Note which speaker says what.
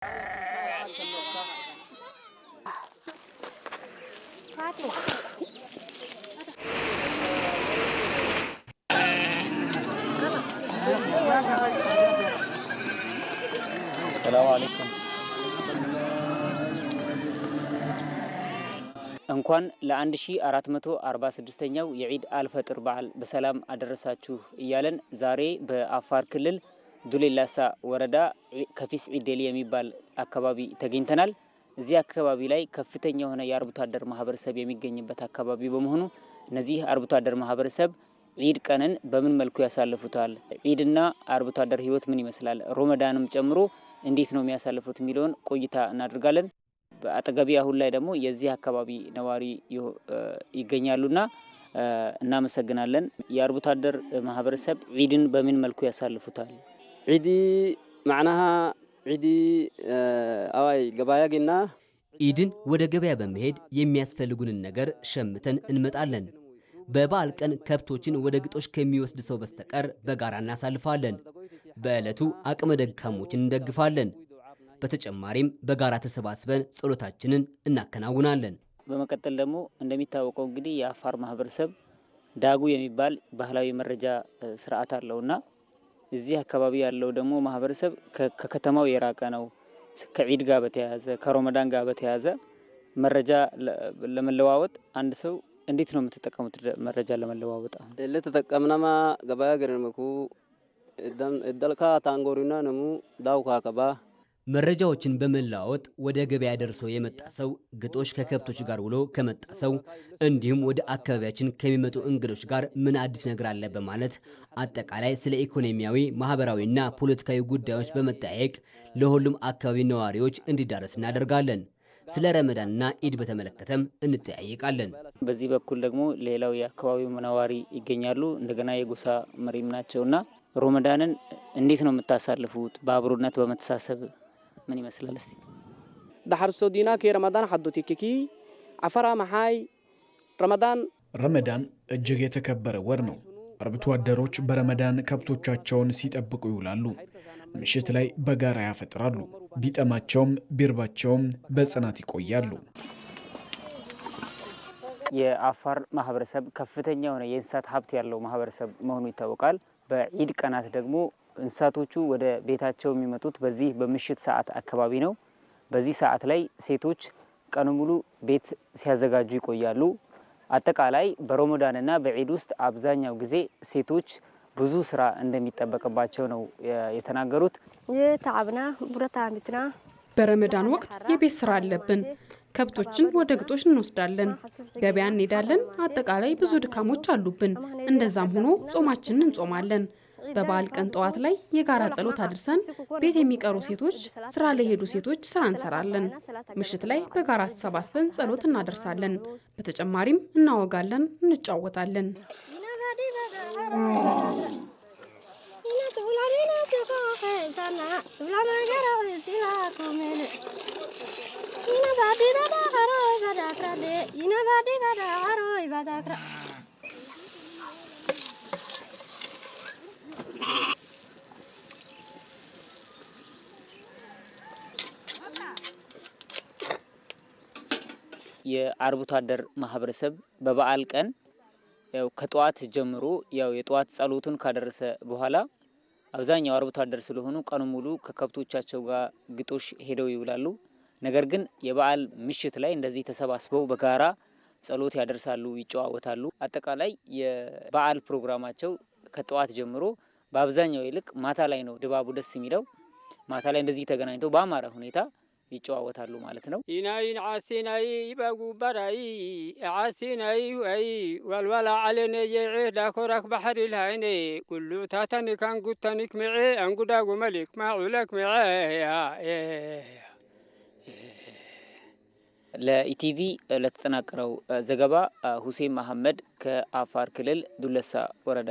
Speaker 1: ሰላም አለይኩም።
Speaker 2: እንኳን ለ1446ኛው የዒድ አልፈጥር በዓል በሰላም አደረሳችሁ እያለን ዛሬ በአፋር ክልል ዱሌላሳ ወረዳ ከፊስ ዒዴሌ የሚባል አካባቢ ተገኝተናል። እዚህ አካባቢ ላይ ከፍተኛ የሆነ የአርብቶ አደር ማህበረሰብ የሚገኝበት አካባቢ በመሆኑ እነዚህ አርብቶ አደር ማህበረሰብ ዒድ ቀንን በምን መልኩ ያሳልፉታል፣ ዒድና አርብቶ አደር ህይወት ምን ይመስላል፣ ሮመዳንም ጨምሮ እንዴት ነው የሚያሳልፉት የሚለውን ቆይታ እናደርጋለን። በአጠገቢ አሁን ላይ ደግሞ የዚህ አካባቢ ነዋሪ ይገኛሉና እናመሰግናለን። የአርብቶ አደር ማህበረሰብ ዒድን በምን መልኩ ያሳልፉታል?
Speaker 3: ዒዲ ማዕናሃ ዒዲ
Speaker 4: ኢድን ወደ ገበያ በመሄድ የሚያስፈልጉንን ነገር ሸምተን እንመጣለን። በበዓል ቀን ከብቶችን ወደ ግጦሽ ከሚወስድ ሰው በስተቀር በጋራ እናሳልፋለን። በዕለቱ አቅመ ደካሞችን እንደግፋለን። በተጨማሪም በጋራ ተሰባስበን ጸሎታችንን እናከናውናለን።
Speaker 2: በመቀጠል ደግሞ እንደሚታወቀው እንግዲህ የአፋር ማህበረሰብ ዳጉ የሚባል ባህላዊ መረጃ ስርዓት አለውና እዚህ አካባቢ ያለው ደግሞ ማህበረሰብ ከከተማው የራቀ ነው። ከዒድ ጋር በተያያዘ ከሮመዳን ጋር በተያያዘ መረጃ ለመለዋወጥ አንድ ሰው እንዴት ነው የምትጠቀሙት? መረጃ ለመለዋወጥ አሁን
Speaker 3: ለተጠቀምናማ ገበያ ገረመኩ እዳልካ ታንጎሪና ነሙ ዳውካ ከባ
Speaker 4: መረጃዎችን በመለዋወጥ ወደ ገበያ ደርሶ የመጣ ሰው ግጦሽ ከከብቶች ጋር ውሎ ከመጣ ሰው እንዲሁም ወደ አካባቢያችን ከሚመጡ እንግዶች ጋር ምን አዲስ ነገር አለ በማለት አጠቃላይ ስለ ኢኮኖሚያዊ፣ ማህበራዊና ፖለቲካዊ ጉዳዮች በመጠያየቅ ለሁሉም አካባቢ ነዋሪዎች እንዲዳረስ እናደርጋለን። ስለ ረመዳንና ኢድ በተመለከተም እንጠያይቃለን።
Speaker 2: በዚህ በኩል ደግሞ ሌላው የአካባቢው ነዋሪ ይገኛሉ። እንደገና የጎሳ መሪም ናቸውና ሮመዳንን እንዴት ነው የምታሳልፉት? በአብሮነት በመተሳሰብ ምን ይመስላል? እስቲ
Speaker 5: ዳሐርሶ ዲና ከረመዳን ሐዶቲ ኬኪ አፈራ መሃይ ረመዳን
Speaker 6: ረመዳን እጅግ የተከበረ ወር ነው። አርብቶ አደሮች በረመዳን ከብቶቻቸውን ሲጠብቁ ይውላሉ። ምሽት ላይ በጋራ ያፈጥራሉ። ቢጠማቸውም ቢርባቸውም በጽናት ይቆያሉ።
Speaker 2: የአፋር ማህበረሰብ ከፍተኛ የሆነ የእንስሳት ሀብት ያለው ማህበረሰብ መሆኑ ይታወቃል። በዒድ ቀናት ደግሞ እንስሳቶቹ ወደ ቤታቸው የሚመጡት በዚህ በምሽት ሰዓት አካባቢ ነው። በዚህ ሰዓት ላይ ሴቶች ቀኑ ሙሉ ቤት ሲያዘጋጁ ይቆያሉ። አጠቃላይ በረመዳንና በዒድ ውስጥ አብዛኛው ጊዜ ሴቶች ብዙ ስራ እንደሚጠበቅባቸው ነው የተናገሩት።
Speaker 7: ታዕብና ቡረታ ሚትና
Speaker 8: በረመዳን ወቅት የቤት ስራ አለብን። ከብቶችን ወደ ግጦሽ እንወስዳለን፣ ገበያ እንሄዳለን። አጠቃላይ ብዙ ድካሞች አሉብን። እንደዛም ሆኖ ጾማችንን እንጾማለን። በበዓል ቀን ጠዋት ላይ የጋራ ጸሎት አድርሰን ቤት የሚቀሩ ሴቶች፣ ስራ ለሄዱ ሴቶች ስራ እንሰራለን። ምሽት ላይ በጋራ ተሰባስበን ጸሎት እናደርሳለን። በተጨማሪም እናወጋለን፣ እንጫወታለን።
Speaker 2: የአርብቶ አደር ማህበረሰብ በበዓል ቀን ያው ከጠዋት ጀምሮ ያው የጠዋት ጸሎቱን ካደረሰ በኋላ አብዛኛው አርብቶ አደር ስለሆኑ ቀኑ ሙሉ ከከብቶቻቸው ጋር ግጦሽ ሄደው ይውላሉ። ነገር ግን የበዓል ምሽት ላይ እንደዚህ ተሰባስበው በጋራ ጸሎት ያደርሳሉ፣ ይጨዋወታሉ። አጠቃላይ የበዓል ፕሮግራማቸው ከጠዋት ጀምሮ በአብዛኛው ይልቅ ማታ ላይ ነው ድባቡ ደስ የሚለው። ማታ ላይ እንደዚህ ተገናኝተው በአማረ ሁኔታ ይጨዋወታሉ ማለት ነው። ኢናይን ዓሲናይ በራይ ዓሲናይ ወይ ወልወላ የዕ ዳኮራክ ባሕሪልሃይነ ኩሉ ታተኒክ አንጉተኒክ ምዕ አንጉዳጉ መሊክ ማዑለክ ምዕ ለኢቲቪ ለተጠናቀረው ዘገባ ሁሴን መሐመድ ከአፋር ክልል ዱለሳ ወረዳ